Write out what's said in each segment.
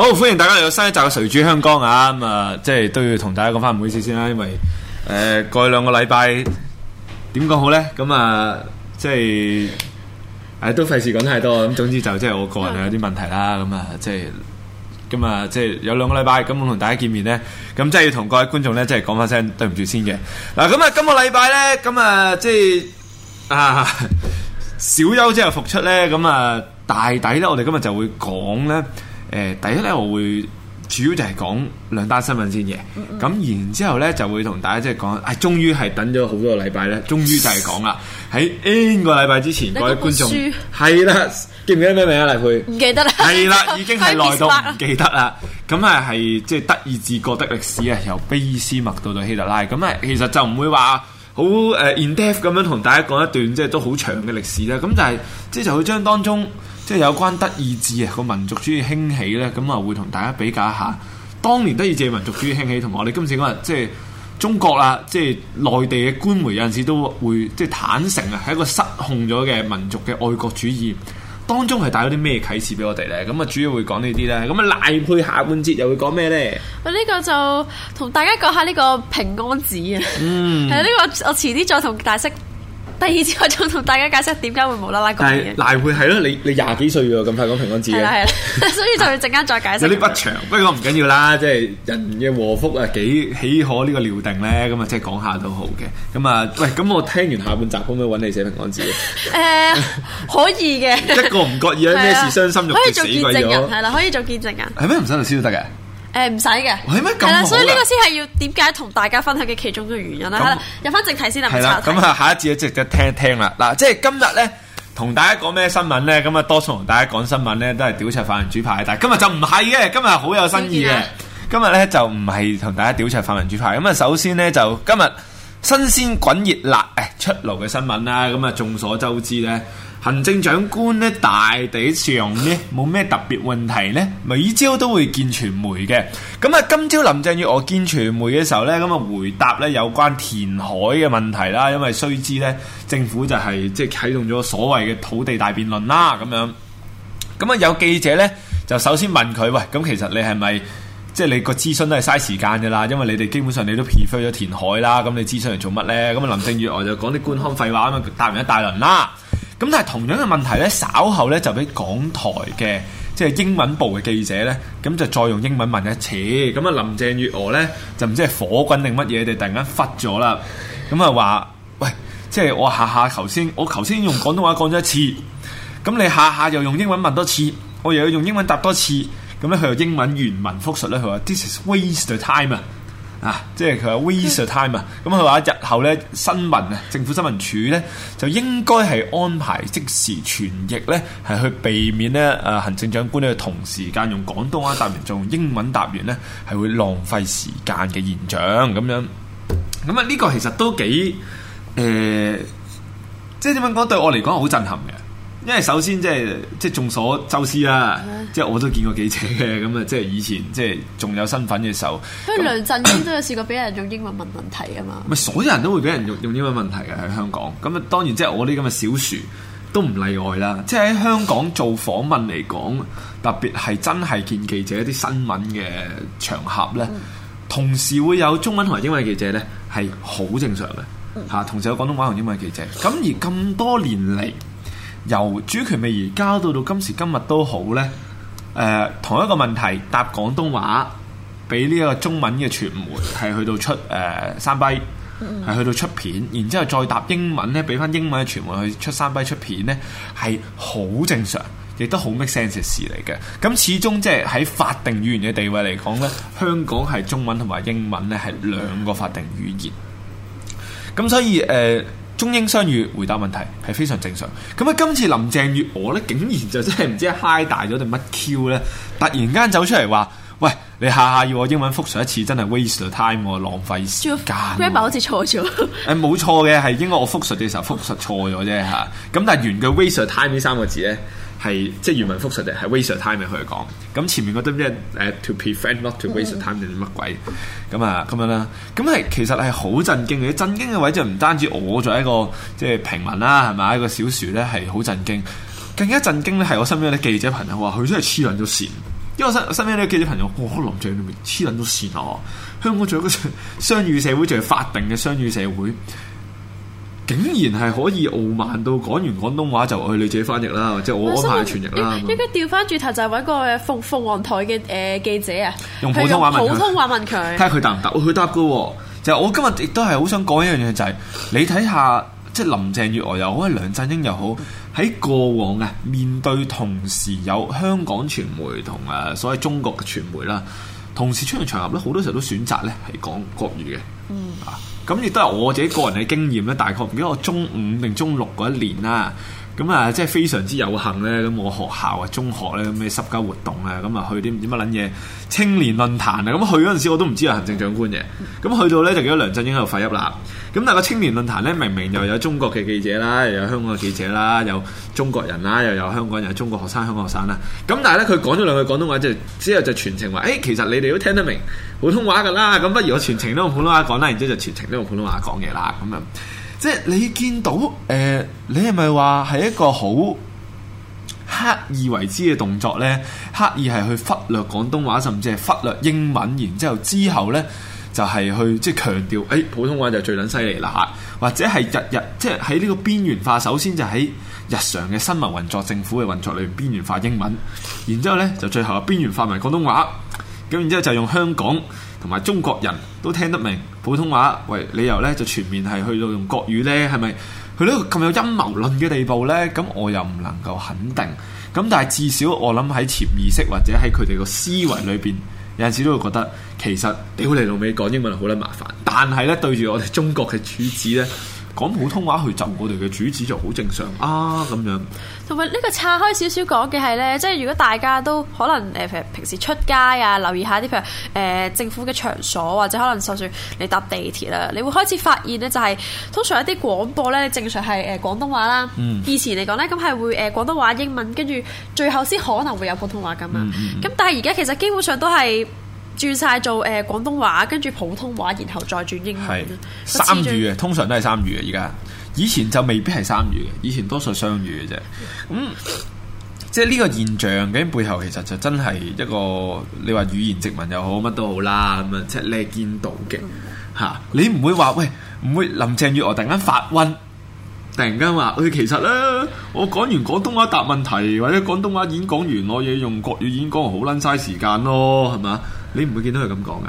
好，歡迎大家嚟到新一集嘅誰主香江啊！咁、嗯、啊，即係都要同大家講翻唔好意思先啦，因為誒、呃、過去兩個禮拜，點講好咧？咁、嗯、啊，即係誒、啊、都費事講太多。咁總之就即係我個人有啲問題啦。咁、嗯、啊，即係咁啊，即係有兩個禮拜咁、嗯，我同大家見面咧，咁真係要同各位觀眾咧，即係講翻聲對唔住先嘅。嗱，咁啊，今個禮拜咧，咁、嗯、啊，即係啊小休之後復出咧，咁、嗯、啊大抵咧，我哋今日就會講咧。誒第一咧，我會主要就係講兩單新聞先嘅，咁、嗯嗯、然之後咧就會同大家即係講，唉，終於係等咗好多個禮拜咧，終於就係講啦，喺 N 個禮拜之前，各位觀眾係啦、嗯，記唔記得咩名啊賴珮？唔記得啦，係啦，已經係耐到唔記得啦。咁啊係即係德意志國的歷史啊，由卑斯麥到到希特拉，咁啊其實就唔會話好誒 in depth 咁樣同大家講一段即係都好長嘅歷史啦。咁就係、係、即係就會將當中。即係有關德意志啊個民族主義興起咧，咁啊會同大家比較一下，當年德意志民族主義興起，同我哋今次講啊，即係中國啊，即係內地嘅官媒有陣時都會即係坦誠啊，係一個失控咗嘅民族嘅愛國主義，當中係帶咗啲咩啟示俾我哋咧？咁啊主要會講呢啲咧，咁啊賴珮下半節又會講咩咧？我呢個就同大家講下呢個平安紙啊，嗯，係呢個我遲啲再同大色。第二次我仲同大家解釋點解會無啦啦講嘢，賴、喔、會係咯，你你廿幾歲啊，咁快講平安紙嘅、嗯啊，所以就要陣間再解釋。有啲不詳，不過唔緊要啦，即係人嘅禍福啊，幾喜可呢個料定咧，咁啊即係講下都好嘅。咁啊，喂，咁我聽完下半集可唔可以揾你寫平安紙啊、呃？可以嘅。一個唔覺意咧，咩事傷心欲絕死鬼人。係啦，可以做見證人。係咩唔想律師都得嘅？誒，唔使嘅，係啦，所以呢個先係要點解同大家分享嘅其中嘅原因啦。入翻正題先啦，咁啊，下一節就值得聽聽啦。嗱，即係今日咧，同大家講咩新聞咧？咁啊，多數同大家講新聞咧都係屌柒泛民主派。但係今日就唔係嘅，今日好有新意嘅。今日咧就唔係同大家屌柒泛民主派。咁啊，首先咧就今日新鮮滾熱辣誒出爐嘅新聞啦。咁啊，眾所周知咧。行政長官咧，大地上呢，冇咩特別問題呢。每朝都會見傳媒嘅。咁啊，今朝林鄭月娥見傳媒嘅時候呢，咁啊回答呢有關填海嘅問題啦。因為須知呢，政府就係即係啟動咗所謂嘅土地大辯論啦，咁樣。咁啊，有記者呢，就首先問佢：「喂，咁其實你係咪即係你個諮詢都係嘥時間噶啦？因為你哋基本上你都撇開咗填海啦，咁你諮詢嚟做乜呢？」咁啊，林鄭月娥就講啲官腔廢話，咁啊答完一大輪啦。咁但係同樣嘅問題咧，稍後咧就俾港台嘅即係英文部嘅記者咧，咁就再用英文問一次，咁啊林鄭月娥咧就唔知係火滾定乜嘢，佢突然間忽咗啦，咁啊話，喂，即係我下下頭先，我頭先用廣東話講咗一次，咁你下下又用英文問多次，我又要用英文答多次，咁咧佢用英文原文複述咧，佢話 This is waste of time 啊。啊，即係佢話 waste of time 啊，咁佢話日後咧新聞啊，政府新聞處咧就應該係安排即時傳譯咧，係去避免咧啊、呃、行政長官咧同時間用廣東話答完，仲用英文答完咧，係會浪費時間嘅現象咁樣。咁啊，呢個其實都幾誒、呃，即點樣講對我嚟講好震撼嘅。因為首先即係即係眾所周知啦，即係嗎我都見過記者嘅，咁啊，即係以前即係仲有身份嘅時候，都梁振英都有試過俾人用英文問問題啊嘛。咪所有人都會俾人用用英文問題嘅喺的香港，咁啊當然即係我啲咁嘅小樹都唔例外啦。即係喺香港做訪問嚟講，特別係真係見記者一啲新聞嘅場合咧，嗯、同時會有中文同埋英文記者咧係好正常嘅吓，嗯、同時有廣東話同英文記者。咁而咁多年嚟。由主權未移交到到今時今日都好呢。誒、呃、同一個問題，答廣東話俾呢一個中文嘅傳媒，係去到出誒、呃、三碑，係、嗯、去到出片，然之後再答英文呢，俾翻英文嘅傳媒去出三碑出片呢，係好正常，亦都好 make sense 事嚟嘅。咁始終即係喺法定語言嘅地位嚟講呢，香港係中文同埋英文呢係兩個法定語言。咁所以誒。呃中英雙語回答問題係非常正常。咁啊，今次林鄭月娥咧，竟然就真係唔知嗨大咗定乜 Q 咧，突然間走出嚟話，喂，你下下要我英文複述一次，真係 waste time 喎，浪費時間。grammar 好似錯咗，誒 冇錯嘅，係應該我複述嘅時候複述錯咗啫嚇。咁但係原句：「waste time 呢三個字咧。係即係語文複述嘅，係 waste 嘅 time 嘅。佢講。咁前面嗰堆咩誒 to prevent not to waste the time 定乜鬼？咁啊咁樣啦，啊。咁係，啊啊啊啊，其實係好震驚嘅。震驚嘅位就唔單止我作為一個即係平民啦，啊，係咪一個小樹咧係好震驚。更加震驚咧係我身邊啲記者朋友話佢真係黐撚咗線。因為我身身邊啲記者朋友哇我林鄭點解黐撚咗線啊？香港仲有個雙語社會，仲係法定嘅雙語社會。竟然係可以傲慢到講完廣東話就去你自己翻譯啦，即係我安排傳譯啦。應該調翻轉頭就揾個鳳鳳凰台嘅誒記者啊，用普通話問佢。普通話問佢，睇下佢答唔答？佢答㗎喎、哦。就係、我今日亦都係好想講一樣嘢，就係、係、你睇下，即係林鄭月娥又好，梁振英又好，喺過往啊面對同時有香港傳媒同誒所謂中國嘅傳媒啦，同時出現場合咧，好多時候都選擇咧係講國語嘅。嗯啊。咁亦都係我自己個人嘅經驗咧，大概唔記得我中五定中六嗰一年啦，咁啊即係非常之有幸咧，咁我學校啊中學咧咁咩濕鳩活動啊，咁啊去啲唔知乜撚嘢青年論壇啊，咁去嗰陣時我都唔知係行政長官嘅，咁去到咧就見到梁振英喺度廢噏啦。咁但係個青年論壇咧，明明又有中國嘅記者啦，又有香港嘅記者啦，有中國人啦，又有香港人、有中國學生、香港學生啦。咁但係咧，佢講咗兩句廣東話，就之後就全程話：誒、欸，其實你哋都聽得明普通話㗎啦。咁不如我全程都用普通話講啦，然之後就全程都用普通話講嘢啦。咁、嗯、啊，即係你見到誒、呃，你係咪話係一個好刻意為之嘅動作咧？刻意係去忽略廣東話，甚至係忽略英文，然之後之後咧？就係去即係、就是、強調，誒、哎、普通話就最撚犀利啦嚇，或者係日日即係喺呢個邊緣化，首先就喺日常嘅新聞運作、政府嘅運作裏邊邊緣化英文，然之後呢就最後啊邊緣化埋廣東話，咁然之後就用香港同埋中國人都聽得明普通話，為理由呢，呢就全面係去到用國語呢係咪去到一個咁有陰謀論嘅地步呢？咁我又唔能夠肯定。咁但係至少我諗喺潛意識或者喺佢哋個思維裏邊。有陣時都會覺得，其實屌你老味講英文好撚麻煩，但係咧對住我哋中國嘅主子咧，講普通話去就我哋嘅主旨就好正常啊咁樣。同埋呢個岔開少少講嘅係呢，即係如果大家都可能誒、呃，平時出街啊，留意一下啲譬如誒、呃、政府嘅場所，或者可能就算你搭地鐵啦，你會開始發現呢、就是，就係通常一啲廣播呢，正常係誒廣東話啦。嗯、以前嚟講呢，咁係會誒廣東話英文，跟住最後先可能會有普通話噶嘛。咁、嗯嗯嗯、但係而家其實基本上都係。轉晒做誒廣、呃、東話，跟住普通話，然後再轉英語。三語嘅，通常都係三語嘅。而家以前就未必係三語嘅，以前多數雙語嘅啫。咁、嗯嗯、即係呢個現象，嘅背後其實就真係一個你話語言殖民又好，乜都好啦。咁、嗯、啊，即係你見到嘅吓，你唔會話喂，唔會林鄭月娥突然間發瘟，突然間話喂，其實咧，我講完廣東話答問題，或者廣東話演講完，我要用國語演講好撚嘥時間咯，係咪？你唔會見到佢咁講嘅，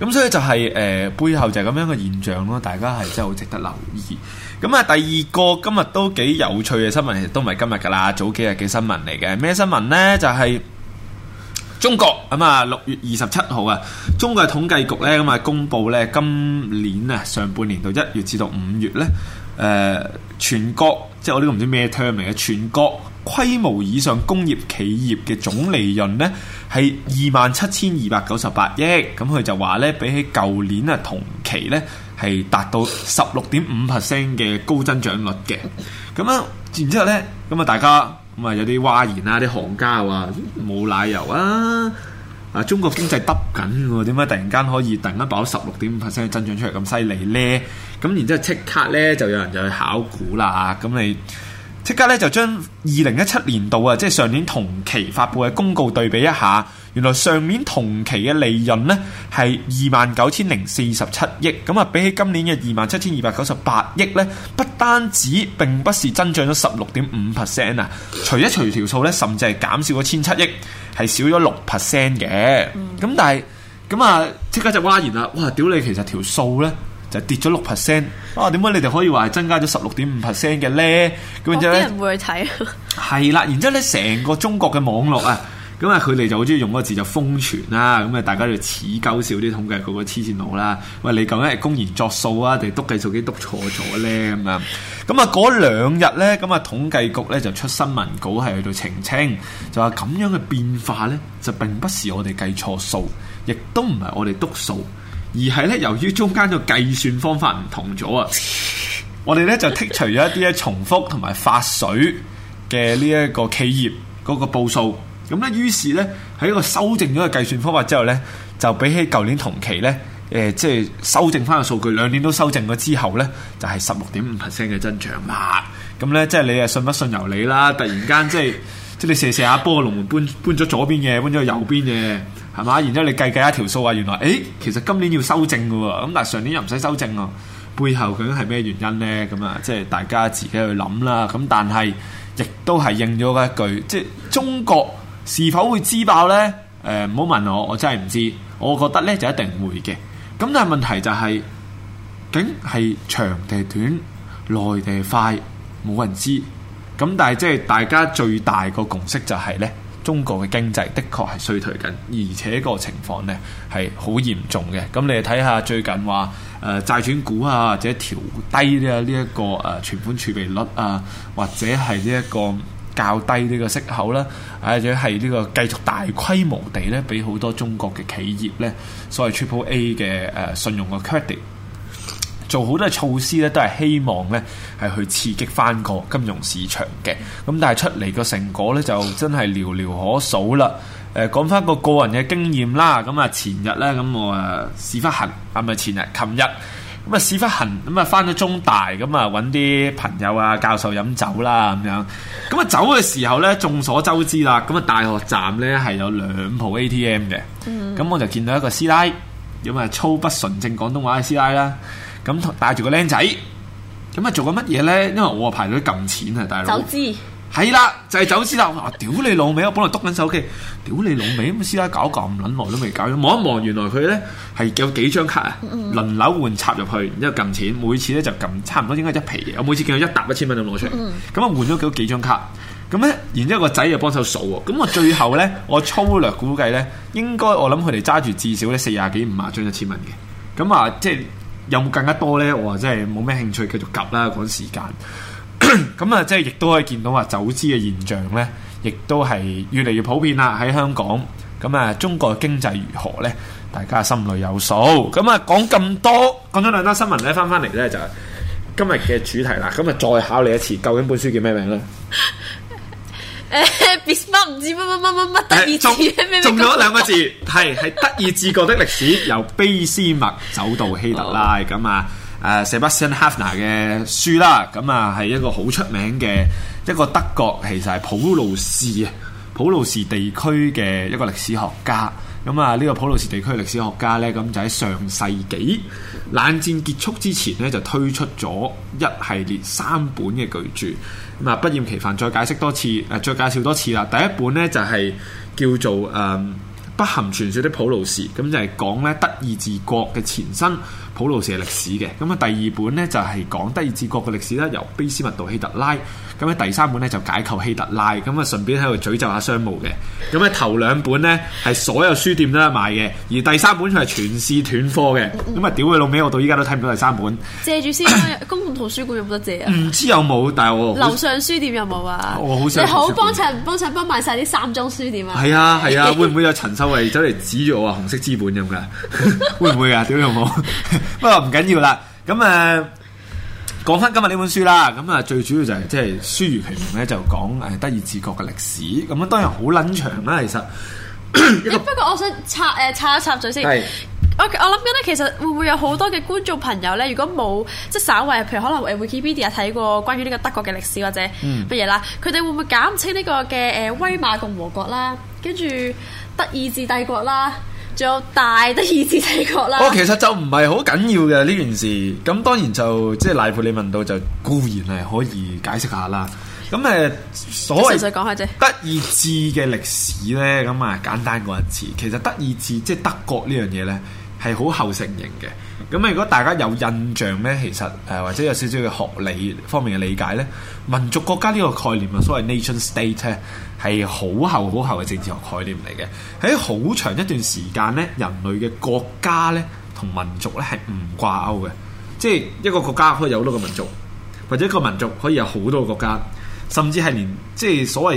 咁、嗯、所以就係、是、誒、呃、背後就係咁樣嘅現象咯。大家係真係好值得留意。咁啊，第二個今日都幾有趣嘅新聞，都唔係今日噶啦，早幾日嘅新聞嚟嘅。咩新聞呢？就係、是、中國咁啊，六、嗯、月二十七號啊，中國嘅統計局呢，咁啊公布呢今年啊上半年到一月至到五月呢，誒、呃、全國即係我呢個唔知咩 term 嚟嘅全國規模以上工業企業嘅總利潤呢。係二萬七千二百九十八億，咁佢就話咧，比起舊年啊同期咧，係達到十六點五 percent 嘅高增長率嘅。咁啊，然之後咧，咁啊大家咁、嗯、啊有啲嘩然啦，啲行家話冇奶油啊，啊中國經濟耷緊嘅，點解突然間可以突然間爆咗十六點五 percent 增長出嚟咁犀利咧？咁然之後即刻咧就有人就去考古啦，咁你。即刻咧就將二零一七年度啊，即係上年同期發布嘅公告對比一下，原來上年同期嘅利潤呢，係二萬九千零四十七億，咁啊比起今年嘅二萬七千二百九十八億呢，不單止並不是增長咗十六點五 percent 啊，除一除條數呢，甚至係減少咗千七億，係少咗六 percent 嘅。咁、嗯、但係咁啊，即刻就嘩然啦，哇！屌你，其實條數呢。就跌咗六 percent，哇！點解你哋可以話係增加咗十六點五 percent 嘅咧？咁我然之後睇！係啦、啊，然之後咧，成個中國嘅網絡啊，咁啊，佢哋就好中意用嗰個字就瘋傳啦，咁啊，大家就恥鳩笑啲統計局個黐線佬啦。喂，你究竟係公然作數啊，定係篤計數機篤錯咗咧？咁啊，咁啊，嗰兩日咧，咁啊，統計局咧就出新聞稿係去到澄清，就話咁樣嘅變化咧，就並不是我哋計錯數，亦都唔係我哋督數。而係咧，由於中間嘅計算方法唔同咗啊，我哋咧就剔除咗一啲咧重複同埋發水嘅呢一個企業嗰個報數。咁咧，於是咧喺一個修正咗嘅計算方法之後咧，就比起舊年同期咧，誒即係修正翻嘅數據，兩年都修正咗之後咧，就係十六點五 percent 嘅增長啦。咁咧，即係你啊，信不信由你啦。突然間即係即係你射一射下波，個龍門搬搬咗左邊嘅，搬咗右邊嘅。係嘛？然之後你計計一條數啊，原來誒其實今年要修正嘅喎，咁但係上年又唔使修正喎，背後究竟係咩原因呢？咁啊，即係大家自己去諗啦。咁但係亦都係應咗嘅一句，即係中國是否會支爆呢？誒唔好問我，我真係唔知。我覺得呢就一定會嘅。咁但係問題就係、是，竟係長定短，內地快冇人知。咁但係即係大家最大個共識就係呢。中國嘅經濟的確係衰退緊，而且個情況咧係好嚴重嘅。咁你睇下最近話誒、呃、債轉股啊，或者調低呢呢一個誒存款儲備率啊，或者係呢一個較低呢個息口啦、啊，或者係呢個繼續大規模地咧俾好多中國嘅企業咧，所謂 Triple A 嘅誒、呃、信用嘅 credit。做好多措施咧，都係希望咧係去刺激翻個金融市場嘅。咁但係出嚟個成果咧，就真係寥寥可數啦。誒、呃，講翻個個人嘅經驗啦。咁啊，前日咧，咁我啊屎忽痕，係咪前日？琴日咁啊屎忽痕。咁啊翻咗中大，咁啊揾啲朋友啊教授飲酒啦，咁樣。咁啊走嘅時候咧，眾所周知啦。咁啊大學站咧係有兩部 ATM 嘅。嗯、咁我就見到一個師奶，咁啊粗不純正廣東話嘅師奶啦。咁帶住個僆仔，咁啊做緊乜嘢咧？因為我啊排隊撳錢啊，大佬。走資。係啦，就係、是、走資啦。我 屌你老味！我本來篤緊手機，屌你老味！咁師奶搞咁撚耐都未搞，望一望原來佢咧係有幾張卡啊，輪流換插入去，然之後撳錢，每次咧就撳差唔多應該一皮嘢，我每次見到一沓一千蚊都攞出嚟，咁啊 換咗幾幾張卡，咁咧，然之後個仔又幫手數喎，咁我最後咧，我粗略估計咧，應該我諗佢哋揸住至少咧四十幾五十張一千蚊嘅，咁啊即係。有冇更加多呢？我真係冇咩興趣，繼續夾啦，趕時間。咁啊， 即係亦都可以見到話走資嘅現象呢，亦都係越嚟越普遍啦，喺香港。咁啊，中國經濟如何呢？大家心裏有數。咁啊，講咁多，講咗兩單新聞呢，翻翻嚟呢，就今日嘅主題啦。咁啊，再考你一次，究竟本書叫咩名呢？誒，俾乜唔知乜乜乜乜乜得意字？中咗兩 個字，係係 德意志國的歷史， 由卑斯麥走到希特拉，咁啊誒，Sebastian Haffner 嘅書啦，咁啊係一個好出名嘅一個德國，其實係普魯士。普魯士地區嘅一個歷史學家，咁啊呢個普魯士地區歷史學家呢，咁就喺上世紀冷戰結束之前呢，就推出咗一系列三本嘅巨著。咁啊不厭其煩再解釋多次，誒、呃、再介紹多次啦。第一本呢，就係叫做誒、呃《不含傳說的普魯士》，咁就係講咧德意志國嘅前身，普魯士嘅歷史嘅，咁啊第二本咧就係講德意志國嘅歷史啦，由卑斯麥到希特拉，咁咧第三本咧就解構希特拉，咁啊順便喺度詛咒下商務嘅，咁咧頭兩本咧係所有書店都有賣嘅，而第三本就係全市斷貨嘅，咁啊屌佢老味，我到依家都睇唔到第三本。借住先， 公共圖書館有冇得借啊？唔知有冇，但係我樓上書店有冇啊？我好想你好幫襯， 幫襯幫襯幫買晒啲三種書店啊！係啊係啊，啊，會唔會有陳秀慧走嚟指住我話紅色資本咁噶？會唔會啊？屌你老母！咳嗲咳嗲不過唔緊要啦，咁誒，講翻今日呢本書啦，咁啊，最主要就係即係《就是、書如其名》咧，就是，就講誒德意志國嘅歷史，咁啊當然好捻長啦，其實。 不過我想插誒插一插嘴先，我我諗緊咧，其實會唔會有好多嘅觀眾朋友咧，如果冇即係稍為，譬如可能誒，Wikipedia 睇過關於呢個德國嘅歷史或者乜嘢啦，佢哋、嗯、會唔會搞唔清呢個嘅誒、呃、威瑪共和國啦，跟住德意志帝國啦？仲有大德意志帝國啦，我、哦、其實就唔係好緊要嘅呢件事，咁當然就即係、就是、賴珮你問到就固然係可以解釋下啦。咁誒、呃、所謂德意志嘅歷史咧，咁啊簡單過一次。其實德意志即係德國呢樣嘢咧，係好後成型嘅。咁啊，如果大家有印象咧，其實誒、呃、或者有少少嘅學理方面嘅理解咧，民族國家呢個概念啊，所謂 nation state 係好厚好厚嘅政治學概念嚟嘅。喺好長一段時間呢，人類嘅國家呢同民族呢係唔掛鈎嘅，即係一個國家可以有好多個民族，或者一個民族可以有好多個國家，甚至係連即係所謂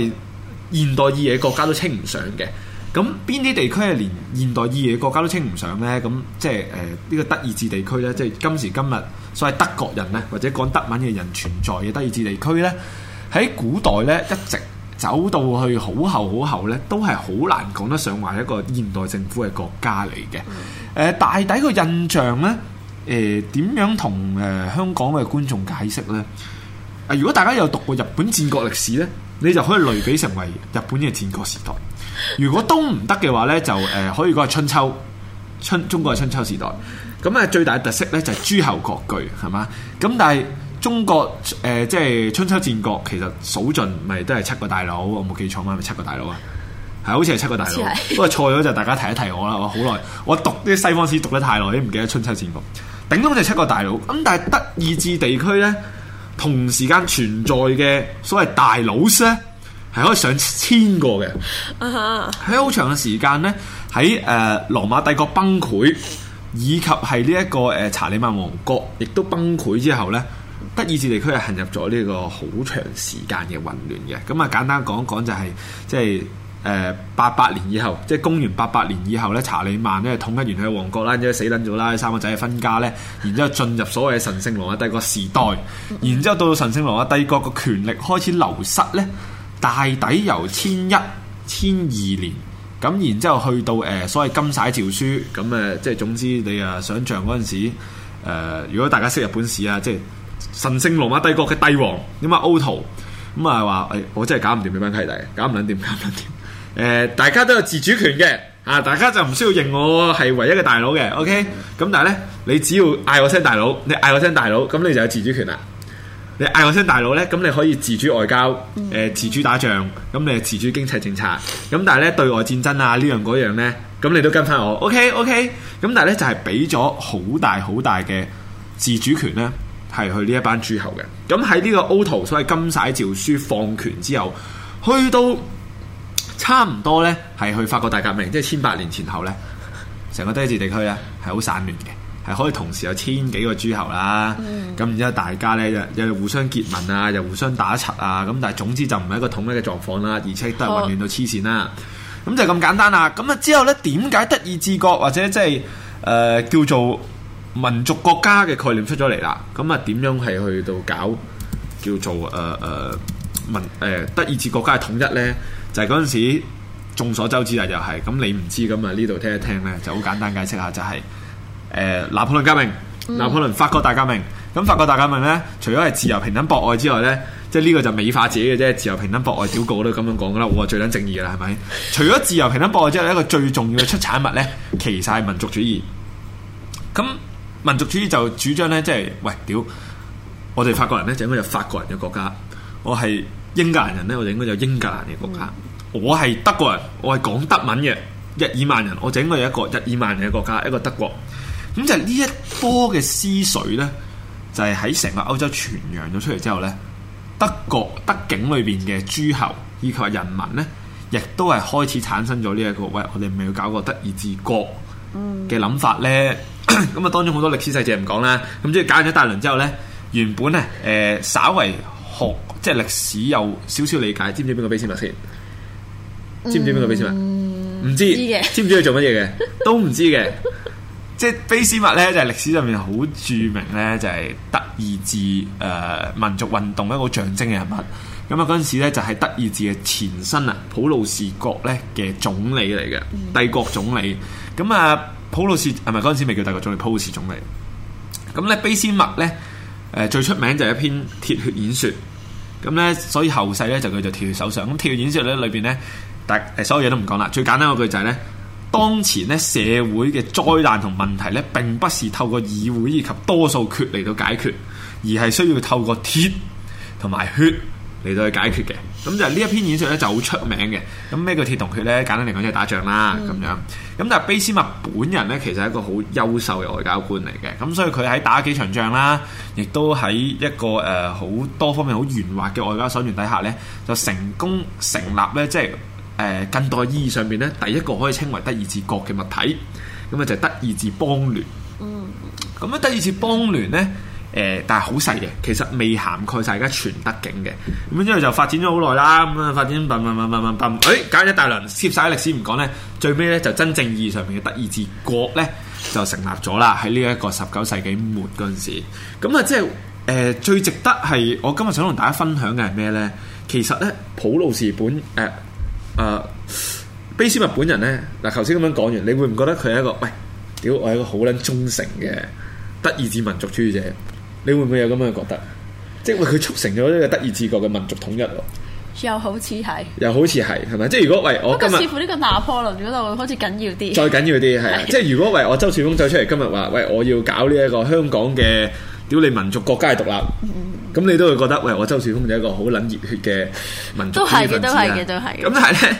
現代意義嘅國家都稱唔上嘅。咁邊啲地區係連現代意義嘅國家都稱唔上呢？咁即係誒呢個德意志地區呢，即係今時今日所謂德國人呢，或者講德文嘅人存在嘅德意志地區呢，喺古代呢一直，走到去好後好後呢，都係好難講得上話一個現代政府嘅國家嚟嘅。誒、mm，大、hmm。抵、呃、個印象呢，誒、呃，點樣同誒、呃、香港嘅觀眾解釋呢、呃？如果大家有讀過日本戰國歷史呢，你就可以類比成為日本嘅戰國時代。如果都唔得嘅話呢，就誒可以講係春秋，春中國係春秋時代。咁啊，最大特色呢，就係、是、諸侯國據諸侯割據係嘛？咁但係，中國誒、呃、即係春秋戰國，其實數盡唔係都係七個大佬，我冇記錯嗎？係咪七個大佬啊，係好似係七個大佬，不過是錯咗就大家提一提我啦。我好耐我讀啲西方史讀得太耐，你唔記得春秋戰國，頂多就七個大佬。咁但係德意志地區呢，同時間存在嘅所謂大佬咧，係可以上千個嘅。喺好、uh huh. 長嘅時間呢，喺誒、呃、羅馬帝國崩潰，以及係呢一個誒、呃、查理曼王國亦都崩潰之後呢。德意志地區係陷入咗呢個好長時間嘅混亂嘅，咁、嗯、啊簡單講講就係、是、即係誒八百年以後，即係公元八百年以後咧，查理曼咧統一完佢嘅王國啦，即係死撚咗啦，三個仔嘅分家咧，然之後進入所謂嘅神聖羅馬帝國時代，然之後到神聖羅馬帝國個權力開始流失咧，大抵由千一千二年咁，然之後去到誒、呃、所謂金璽詔書，咁誒即係總之你啊想象嗰陣時、呃、如果大家識日本史啊，即係。神聖羅馬帝國嘅帝王咁啊，奧圖咁啊，話誒、哎，我真係搞唔掂你班兄弟，搞唔撚掂，搞唔撚掂。誒、嗯，大家都有自主權嘅，啊，大家就唔需要認我係唯一嘅大佬嘅。OK，咁但係咧，你只要嗌我聲大佬，你嗌我聲大佬，咁你就有自主權啦。你嗌我聲大佬咧，咁你可以自主外交，誒、呃，自主打仗，咁你啊自主經濟政策。咁但係咧，對外戰爭啊樣樣呢樣嗰樣咧，咁你都跟翻我。OK，OK，、OK? OK? 咁但係咧就係俾咗好大好大嘅自主權啦。係去呢一班諸侯嘅，咁喺呢個 O 圖，所謂金璽詔書放權之後，去到差唔多呢，係去法國大革命，即係千百年前後呢，成個德意志地區呢係好散亂嘅，係可以同時有千幾個諸侯啦。咁、嗯、然之後大家呢，又又互相結盟啊，又互相打賊啊，咁但係總之就唔係一個統一嘅狀況啦，而且都係混亂到黐綫啦。咁好就咁簡單啦，啊。咁啊之後呢，點解德意志國或者即係誒叫做？民族國家嘅概念出咗嚟啦，咁啊點樣係去到搞叫做誒誒、呃呃、民誒德意志國家嘅統一呢？就係嗰陣時眾所周知啊、就是，就係咁你唔知咁啊呢度聽一聽呢，就好簡單解釋下就係、是、誒、呃、拿破崙革命，拿破崙法國大革命，咁、嗯、法國大革命呢，除咗係自由平等博愛之外呢，即係呢個就美化自己嘅啫，自由平等博愛，屌哥都咁樣講啦，我話最撚正義啦，係咪？除咗自由平等博愛之外，一個最重要嘅出產物呢，其實係民族主義，咁。民族主義就主張呢，即係喂屌！我哋法國人呢，就應該有法國人嘅國家，我係英格蘭人呢，我就應該有英格蘭嘅國家。嗯、我係德國人，我係講德文嘅日耳曼人，我就應該有一個日耳曼人嘅國家，一個德國。咁就係呢一科嘅思緒呢，就係喺成個歐洲傳揚咗出嚟之後呢，德國德境裏邊嘅諸侯以及人民呢，亦都係開始產生咗呢一個喂，我哋咪要搞個德意志國嘅諗法呢？嗯咁啊， 當中好多歷史細節唔講啦。咁即係搞完咗大輪之後咧，原本咧誒、呃，稍為學即係歷史有少少理解，知唔知邊個俾斯麥先？嗯、知唔知邊個俾斯麥？唔知，知唔 知佢做乜嘢嘅？都唔知嘅。即係俾斯麥咧，就係歷史上面好著名咧，就係德意志誒民族運動一個象徵嘅人物。咁啊，嗰陣時咧就係德意志嘅前身啊，普魯士國咧嘅總理嚟嘅，帝國總理。咁啊、嗯。嗯普魯士啊，咪係嗰時未叫德國總理，普魯士總理。咁咧，卑斯麥咧，誒、呃、最出名就一篇鐵血演說。咁咧，所以後世咧就叫做鐵血首相。咁鐵血演說咧裏邊咧，但係、呃、所有嘢都唔講啦。最簡單嗰句就係、是、咧，當前咧社會嘅災難同問題咧，並不是透過議會以及多數決嚟到解決，而係需要透過鐵同埋血。嚟到去解決嘅，咁就係呢一篇演説咧就好出名嘅。咁咩叫鐵同血咧？簡單嚟講，即係打仗啦咁、嗯、樣。咁但係卑斯麥本人咧，其實係一個好優秀嘅外交官嚟嘅。咁所以佢喺打幾場仗啦，亦都喺一個誒好、呃、多方面好圓滑嘅外交手段底下咧，就成功成立咧，即係誒、呃、近代意義上邊咧，第一個可以稱為德意志國嘅物體。咁啊就係德意志邦聯。嗯。咁啊德意志邦聯咧。誒、呃，但係好細嘅，其實未涵蓋晒。而家全德境嘅。咁之後就發展咗好耐啦。咁、呃、啊，發展、笨笨笨笨笨笨。誒、呃哎，搞一大輪，涉晒啲歷史唔講咧。最尾咧，就真正意義上面嘅德意志國咧，就成立咗啦。喺呢一個十九世紀末嗰陣時，咁啊，即係誒最值得係我今日想同大家分享嘅係咩咧？其實咧，普魯士本誒誒俾斯麥本人咧，嗱頭先咁樣講完，你會唔覺得佢係一個喂屌，我係一個好撚忠誠嘅德意志民族主義者？你會唔會有咁樣嘅覺得？即係喂，佢促成咗呢個德意志國嘅民族統一咯。又好似係，又好似係，係咪？即係如果喂我，不過似乎呢個拿破崙嗰度好似緊要啲。再緊要啲，係 即係如果喂我周小峰走出嚟，今日話喂我要搞呢一個香港嘅屌你民族國家獨立，咁、嗯、你都會覺得喂我周小峰就一個好捻熱血嘅民族、啊都。都係嘅，都係嘅，都係。咁但係咧，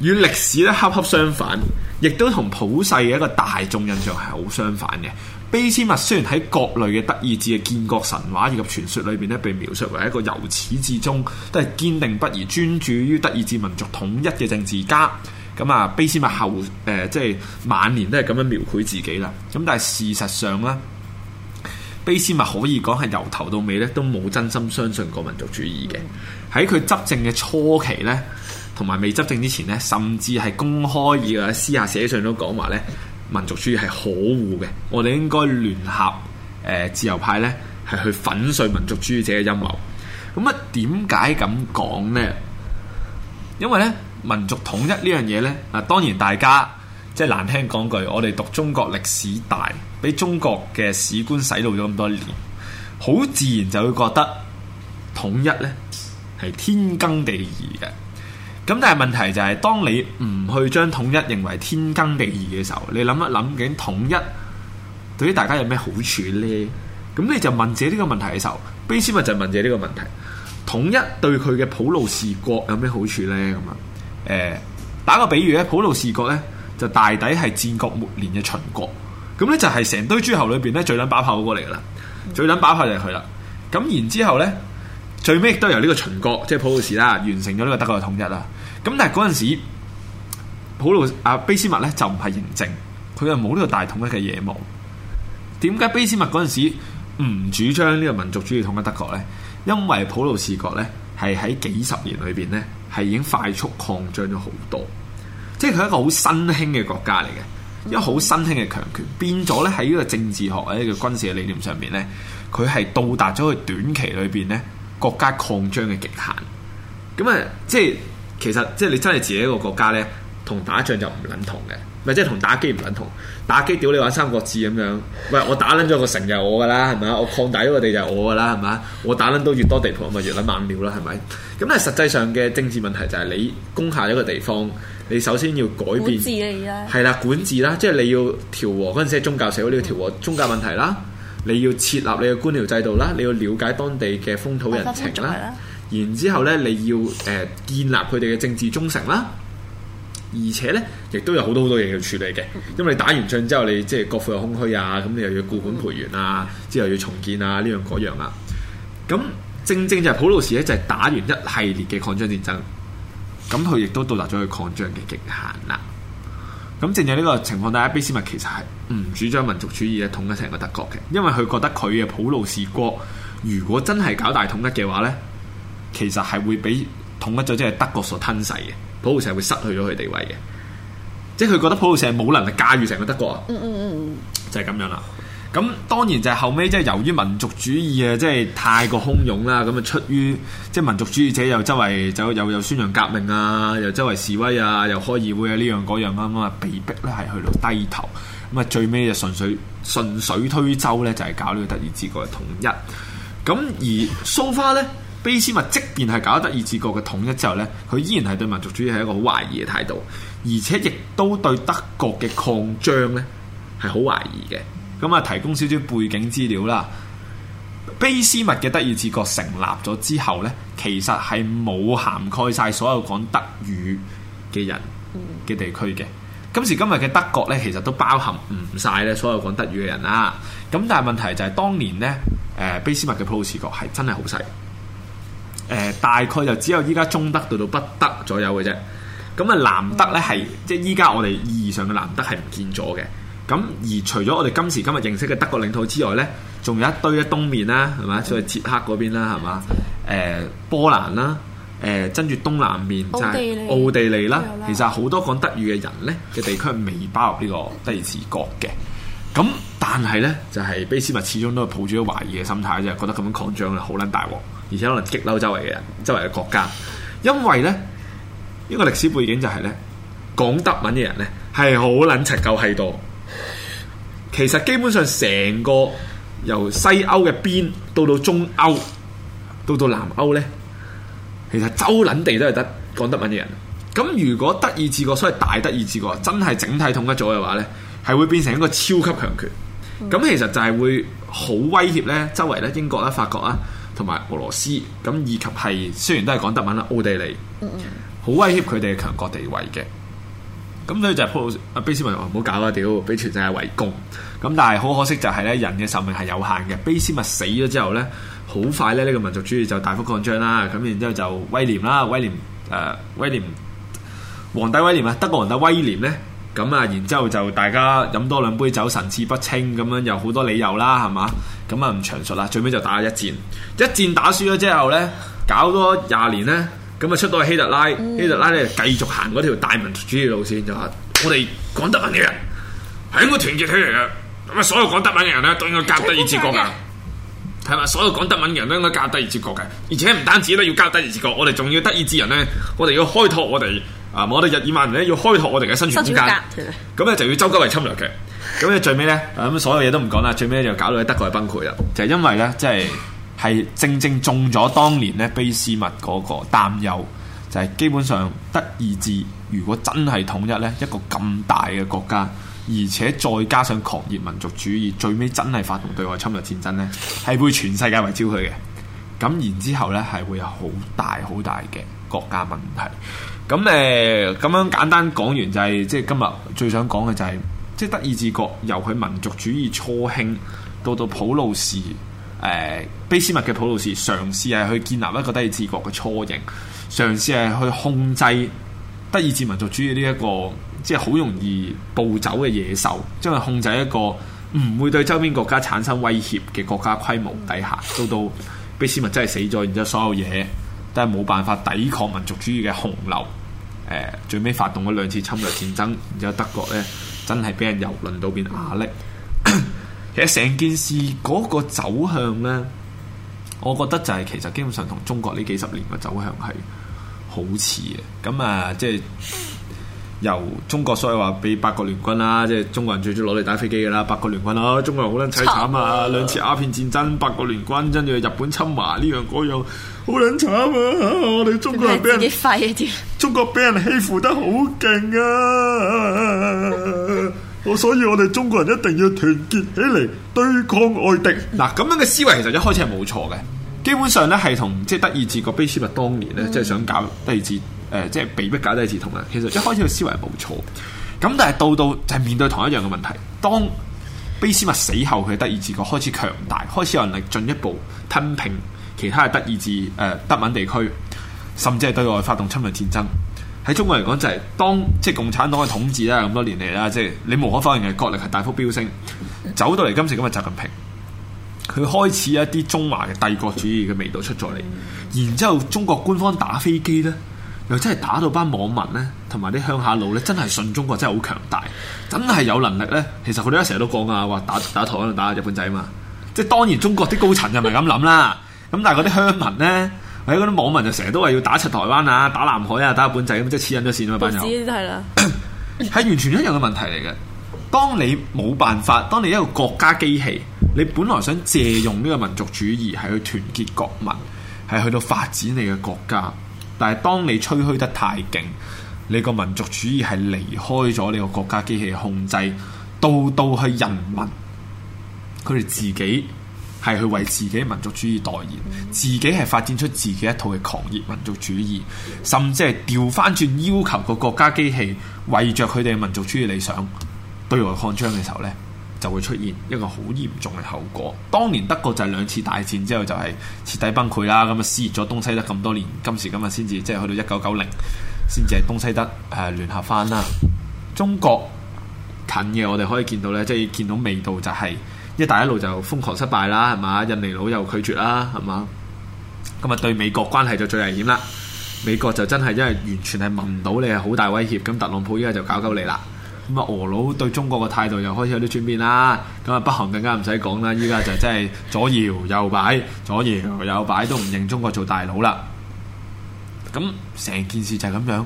與歷史咧恰恰相反。亦都同普世嘅一個大眾印象係好相反嘅。卑斯麥雖然喺各類嘅德意志嘅建國神話以及傳說裏邊咧，被描述為一個由始至終都係堅定不移、專注於德意志民族統一嘅政治家。咁啊，卑斯麥後誒即係晚年都係咁樣描繪自己啦。咁但係事實上呢，卑斯麥可以講係由頭到尾咧都冇真心相信過民族主義嘅。喺佢執政嘅初期呢。同埋未執政之前咧，甚至係公開而喺私下寫信都講話咧，民族主義係可惡嘅。我哋應該聯合誒、呃、自由派咧，係去粉碎民族主義者嘅陰謀。咁啊，點解咁講呢？因為咧，民族統一呢樣嘢咧，啊當然大家即係難聽講句，我哋讀中國歷史大，俾中國嘅史官洗腦咗咁多年，好自然就會覺得統一呢係天經地義嘅。咁但係問題就係，當你唔去將統一認為天經地義嘅時候，你諗一諗緊統一對於大家有咩好處呢？咁你就問自己呢個問題嘅時候，卑斯密就問自己呢個問題：統一對佢嘅普魯士國有咩好處呢？咁啊？誒，打個比喻咧，普魯士國呢就大抵係戰國末年嘅秦國，咁呢就係成堆諸侯裏邊咧最撚把炮過嚟噶啦，嗯、最撚把炮就係佢啦。咁然之後呢，最尾都由呢個秦國，即係普魯士啦，完成咗呢個德國嘅統一啦。咁但係嗰陣時，普魯阿俾斯麥咧就唔係嬴政，佢又冇呢個大統一嘅野望。點解俾斯麥嗰陣時唔主張呢個民族主義統一德國呢，因為普魯士國呢，係喺幾十年裏邊呢，係已經快速擴張咗好多，即係佢係一個好新興嘅國家嚟嘅，一個好新興嘅強權，變咗呢，喺呢個政治學喺呢個軍事嘅理念上面呢，佢係到達咗佢短期裏邊呢國家擴張嘅極限。咁啊，即係。其實即係你真係自己一個國家呢，同打仗就唔捻同嘅，咪即係同打機唔捻同。打機屌你玩三國志咁樣，喂，我打捻咗個城就我噶啦，係咪啊？我擴大咗個地就係我噶啦，係咪啊？我打捻到越多地盤，咪越捻猛料啦，係咪？咁咧，實際上嘅政治問題就係你攻下一個地方，你首先要改變，係啦管治啦，即係你要調和嗰陣時係宗教社會你要調和宗教問題啦，你要設立你嘅官僚制度啦，你要了解當地嘅風土人情啦。然之後咧，你要誒建立佢哋嘅政治忠誠啦，而且咧亦都有好多好多嘢要處理嘅。因為你打完仗之後，你即係國庫又空虛啊，咁你又要固本培元啊，之後要重建啊，呢樣嗰樣啊。咁正正就係普魯士咧，就係、是、打完一系列嘅擴張戰爭，咁佢亦都到達咗佢擴張嘅極限啦。咁正正呢個情況，大家俾斯麥其實係唔主張民族主義一統一成個德國嘅，因為佢覺得佢嘅普魯士國如果真係搞大統一嘅話咧。其實係會俾統一咗，即係德國所吞噬嘅普魯士係會失去咗佢地位嘅，即係佢覺得普魯士冇能力駕馭成個德國啊。嗯嗯嗯，就係咁樣啦。咁當然就係後尾，即係由於民族主義啊，即係太過洶湧啦。咁啊，出於即係民族主義者又周圍走又又有宣揚革命啊，又周圍示威啊，又開議會啊，呢樣嗰樣咁啊，被逼咧係去到低頭。咁啊，最尾就純粹順水推舟咧，就係搞呢個德意志國嘅統一。咁而蘇花咧？卑斯麥即便係搞德意志國嘅統一之後呢，佢依然係對民族主義係一個好懷疑嘅態度，而且亦都對德國嘅擴張呢係好懷疑嘅。咁啊，提供少少背景資料啦。卑斯麥嘅德意志國成立咗之後呢，其實係冇涵蓋晒所有講德語嘅人嘅地區嘅。今時今日嘅德國呢，其實都包含唔晒呢所有講德語嘅人啦。咁但係問題就係當年呢，誒卑斯麥嘅普魯士國係真係好細。誒大概就只有依家中德到到北德左右嘅啫，咁啊南德咧，係即係依家我哋意義上嘅南德係唔見咗嘅。咁而除咗我哋今時今日認識嘅德國領土之外咧，仲有一堆嘅東面啦，係嘛？所謂捷克嗰邊啦，係嘛？誒波蘭啦，誒跟住東南面就係奧地利啦，其實好多講德語嘅人咧嘅地區未包入呢個德意志國嘅。咁但係咧就係卑斯麥始終都係抱住咗懷疑嘅心態啫，覺得咁樣擴張啊好撚大鑊。而且可能激嬲周圍嘅人、周圍嘅國家，因為咧呢個歷史背景就係呢，講德文嘅人呢係好撚齊夠係度。其實基本上成個由西歐嘅邊到到中歐，到到南歐呢，其實周撚地都係得講德文嘅人。咁如果德意志國所謂大德意志國真係整體統一咗嘅話呢，係會變成一個超級強權。咁其實就係會好威脅呢周圍呢，周圍呢英國啦、法國啊。同埋俄羅斯咁以及係雖然都係講德文啦，奧地利好，嗯、威脅佢哋嘅強國地位嘅。咁所以就係普啊，俾斯麥，唔好搞啦，屌俾全世界圍攻。咁但係好可惜就係咧，人嘅壽命係有限嘅。俾斯麥死咗之後咧，好快咧呢、呢個民族主義就大幅擴張啦。咁然之後就威廉啦，威廉誒、呃、威廉皇帝威廉啊，德國皇帝威廉咧。咁啊，然之後就大家飲多兩杯酒，神志不清咁樣，有好多理由啦，係嘛？咁啊唔詳述啦，最尾就打一戰，一戰打輸咗之後呢，搞多廿年呢，咁啊出到去希特拉，嗯、希特拉咧繼續行嗰條大民族主義路線，就話、嗯、我哋講德文嘅人係應該團結起嚟嘅，咁啊所有講德文嘅人呢，都應該加入德意志國嘅，係嘛？所有講德文嘅人都應該加入德意志國嘅，而且唔單止咧要加入德意志國，我哋仲要德意志人呢，我哋要開拓我哋。啊！我哋日耳曼人咧要開拓我哋嘅生存空間，咁咧就要周邊嚟侵略嘅。咁咧最尾咧，咁所有嘢都唔講啦。最尾就搞到德國係崩潰啦， 就係因為咧，即係係正正中咗當年咧卑斯麥嗰個擔憂，就係、是、基本上德意志如果真係統一咧，一個咁大嘅國家，而且再加上狂熱民族主義，最尾真係發動對外侵略戰爭咧，係會全世界圍剿佢嘅。咁然之後咧，係會有好大好大嘅國家問題。咁誒咁樣簡單講完就係、是，即係今日最想講嘅就係、是，即係德意志國由佢民族主義初興，到到普魯士，誒俾斯麥嘅普魯士嘗試係去建立一個德意志國嘅雛形，嘗試係去控制德意志民族主義呢、這、一個即係好容易暴走嘅野獸，將佢控制一個唔會對周邊國家產生威脅嘅國家規模底下，到到俾斯麥真係死咗，然之後所有嘢。都係冇辦法抵抗民族主義嘅洪流，誒、呃、最尾發動咗兩次侵略戰爭，然之後德國呢真係俾人由輪到變瓦礫。其實成件事嗰、那個走向呢，我覺得就係、是、其實基本上同中國呢幾十年嘅走向係好似嘅，咁啊即係。由中國所以話俾八國聯軍啦，即係中國人最鍾意攞嚟打飛機嘅啦，八國聯軍啦。中國人好撚慘啊！慘啊兩次鴉片戰爭，八國聯軍跟住日本侵華呢樣嗰樣，好撚慘啊！我哋中國人俾人，中國俾人欺負得好勁啊！我 所以我哋中國人一定要團結起嚟對抗外敵。嗱咁、嗯、樣嘅思維其實一開始係冇錯嘅，基本上咧係同即係德意志國俾斯麥當年咧，即、就、係、是、想搞德意志。誒、呃，即係被迫搞低二次同啊！其實一開始嘅思維冇錯，咁但係到到就係面對同一樣嘅問題。當卑斯密死後，佢德意志國開始強大，開始有能力進一步吞併其他嘅德意志、誒、呃、德文地區，甚至係對外發動侵略戰爭。喺中國嚟講，就係當即係共產黨嘅統治啦，咁多年嚟啦，即係你無可否認嘅國力係大幅飆升，走到嚟今時今日，習近平，佢開始一啲中華嘅帝國主義嘅味道出咗嚟。然之後，中國官方打飛機咧。又真係打到班網民咧，同埋啲鄉下佬咧，真係信中國真係好強大，真係有能力咧。其實佢哋咧成日都講啊，話打打台灣、打日本仔嘛。即係當然中國啲高層就唔係咁諗啦。咁但係嗰啲鄉民咧，或者嗰啲網民就成日都話要打出台灣啊，打南海啊，打日本仔咁，即係黐引咗線啊嘛，班友。不止係啦，係 完全一樣嘅問題嚟嘅。當你冇辦法，當你一個國家機器，你本來想借用呢個民族主義係去團結國民，係去到發展你嘅國家。但係當你吹噓得太勁，你個民族主義係離開咗你個國家機器嘅控制，到到去人民，佢哋自己係去為自己民族主義代言，自己係發展出自己一套嘅狂熱民族主義，甚至係調返轉要求個國家機器為着佢哋嘅民族主義理想對外擴張嘅時候咧。就會出現一個好嚴重嘅後果。當年德國就係兩次大戰之後就係徹底崩潰啦，咁啊撕裂咗東西德咁多年，今時今日先至即係去到一九九零，先至係東西德誒、呃、聯合翻啦。中國近嘅我哋可以見到呢，即係見到味道就係、是、一帶一路就瘋狂失敗啦，係嘛？印尼佬又拒絕啦，係嘛？咁啊對美國關係就最危險啦。美國就真係因為完全係聞唔到你係好大威脅，咁特朗普依家就搞搞你啦。咁啊俄佬對中國嘅態度又開始有啲轉變啦，咁啊北韓更加唔使講啦，依家就真係左搖右擺，左搖右擺都唔認中國做大佬啦。咁成件事就係咁樣，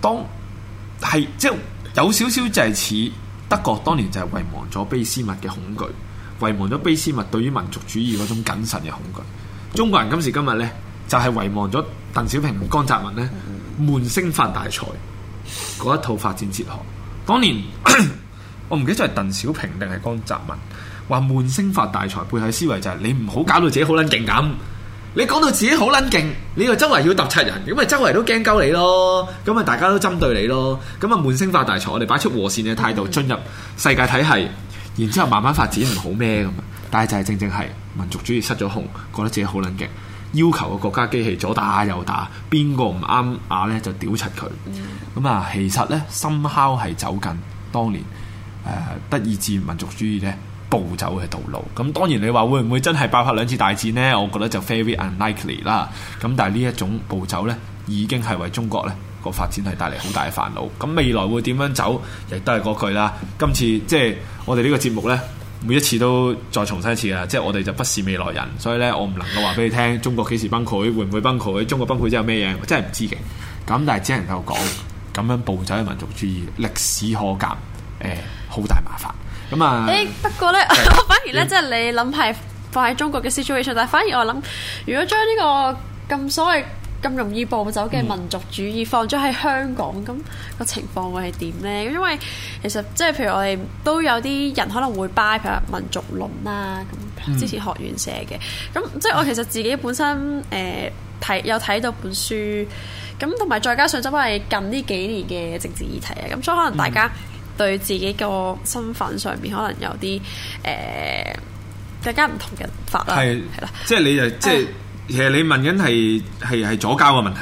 當係即係有少少就係似德國當年就係遺忘咗俾斯麥嘅恐懼，遺忘咗俾斯麥對於民族主義嗰種謹慎嘅恐懼。中國人今時今日呢，就係、是、遺忘咗鄧小平、江澤民呢，悶聲發大財嗰一套發展哲學。當年 我唔記得咗係鄧小平定係江澤民，話悶聲發大財，背後思維就係你唔好搞到自己好捻勁咁，你講到自己好捻勁，你個周圍要揼柒人，咁咪周圍都驚鳩你咯，咁咪大家都針對你咯，咁咪悶聲發大財，我哋擺出和善嘅態度進入世界體系，然之後慢慢發展唔好咩咁，但係就係正正係民族主義失咗控，覺得自己好捻勁。要求個國家機器左打右打，邊個唔啱亞咧就屌柒佢。咁啊、嗯，其實咧深敲係走緊當年誒德意志民族主義咧暴走嘅道路。咁當然你話會唔會真係爆發兩次大戰呢？我覺得就 very unlikely 啦。咁但係呢一種暴走呢，已經係為中國呢個發展係帶嚟好大嘅煩惱。咁未來會點樣走，亦都係嗰句啦。今次即係我哋呢個節目呢。每一次都再重申一次啦，即係我哋就不是未來人，所以咧我唔能夠話俾你聽中國幾時崩潰，會唔會崩潰？中國崩潰之後咩嘢？我真係唔知嘅。咁但係只能夠講咁樣暴走嘅民族主義，歷史可鑑，誒、欸、好大麻煩。咁啊，誒、欸、不過咧，欸、反而咧、嗯、即係你諗係放喺中國嘅 situation，但係反而我諗，如果將呢、這個咁所謂。咁容易暴走嘅民族主義放咗喺香港，咁個、嗯、情況會係點呢？因為其實即係譬如我哋都有啲人可能會 buy 譬如民族論啦，咁之前學院寫嘅，咁、嗯、即係我其實自己本身誒睇、呃、有睇到本書，咁同埋再加上因為近呢幾年嘅政治議題啊，咁所以可能大家對自己個身份上面可能有啲誒、呃、更加唔同嘅法啦是，係係啦，即係你又即係。呃其實你問緊係係係左膠嘅問題，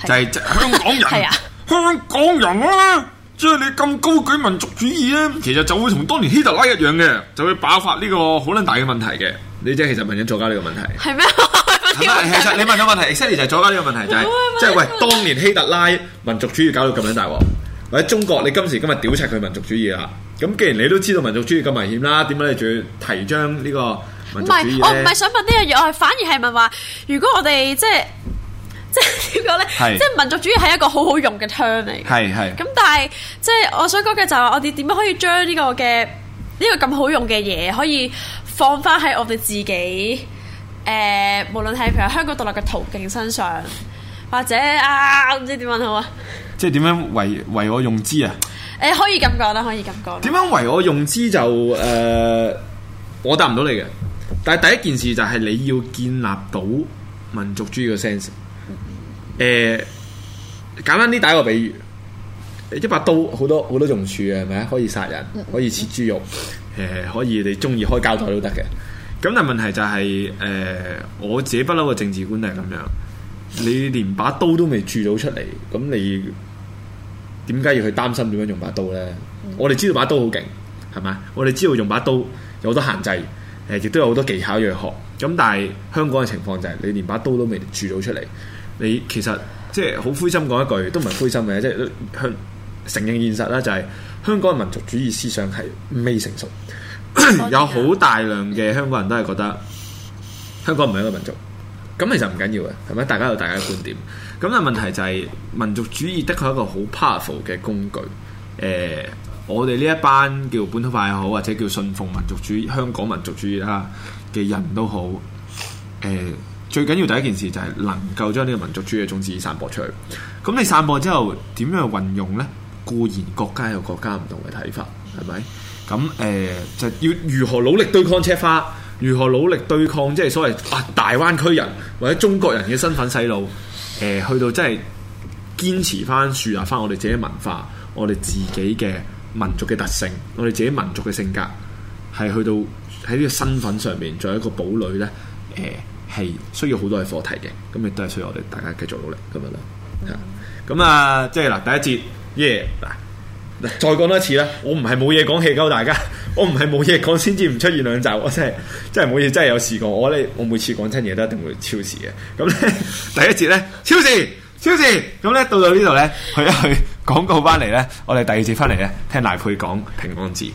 是的 就係、是、香港人，的香港人啊，即、就、係、是、你咁高舉民族主義咧，其實就會同當年希特拉一樣嘅，就會爆發呢個好撚大嘅問題嘅。你即係其實問緊左膠呢個問題，係咩嗎？係啦，其實你問緊問題 essentially 就係左膠呢個問題，就係即係喂，當年希特拉民族主義搞到咁樣大，或者中國你今時今日屌柒佢民族主義啊。咁既然你都知道民族主義咁危險啦，點解你仲要提倡呢、這個？唔係，我唔係想問呢樣嘢，我係反而係問話，如果我哋即係即係點講咧？即係是民族主義係一個好好用嘅 term 嚟。係係。咁但係即係我想講嘅就係，我哋點樣可以將呢、這個嘅呢、這個咁好用嘅嘢，可以放翻喺我哋自己誒、呃，無論係譬如香港獨立嘅途徑身上，或者啊，唔知點問好啊？即係點樣為為我用之啊？誒、呃，可以咁講啦，可以咁講。點樣為我用之就誒、呃，我答唔到你嘅。但係第一件事就係你要建立到民族主義嘅 sense。誒、mm hmm. 呃，簡單啲打一個比喻，一把刀好多好多用處係咪？可以殺人，可以，、mm hmm. 可以切豬肉，誒、呃，可以你中意開膠袋都得嘅。咁、mm hmm. 但係問題就係、是，誒、呃，我自己不嬲嘅政治觀係咁樣，你連把刀都未鑄到出嚟，咁你點解要去擔心點樣用把刀咧？Mm hmm. 我哋知道把刀好勁，係咪？我哋知道用把刀有好多限制。誒，亦都有好多技巧要學，咁但係香港嘅情況就係，你連把刀都未鑄到出嚟，你其實即係好灰心講一句，都唔係灰心嘅，即係香承認現實啦、就是，就係香港嘅民族主義思想係未成熟， 有好大量嘅香港人都係覺得香港唔係一個民族，咁其實唔緊要嘅，係咪？大家有大家嘅觀點，咁嘅問題就係、是、民族主義的確係一個好 powerful 嘅工具，誒、呃。我哋呢一班叫本土化又好，或者叫信奉民族主義、香港民族主義啊嘅人都好，誒、呃，最緊要第一件事就係能夠將呢個民族主義嘅種子散播出去。咁你散播之後，點樣去運用咧？固然國家有國家唔同嘅睇法，係咪？咁誒、呃，就是、要如何努力對抗赤化，如何努力對抗即係、就是、所謂啊大灣區人或者中國人嘅身份洗腦誒，去到真係堅持翻樹立翻我哋自己文化，我哋自己嘅。民族嘅特性，我哋自己民族嘅性格，係去到喺呢個身份上面做一個堡壘咧。誒、呃，係需要好多嘅課題嘅，咁亦都係需要我哋大家繼續努力咁樣咯。嚇，咁、嗯、啊，即係嗱，第一節，耶、yeah, 嗱，再講多一次啦。我唔係冇嘢講 hea 夠大家。我唔係冇嘢講，先至唔出現兩集。我真係真係冇嘢，真係有試過。我咧，我每次講親嘢都一定會超時嘅。咁咧，第一節咧，超時，超時。咁咧，到到呢度咧，去一去。 廣告翻嚟咧，我哋第二節翻嚟咧，聽賴珮講平安字。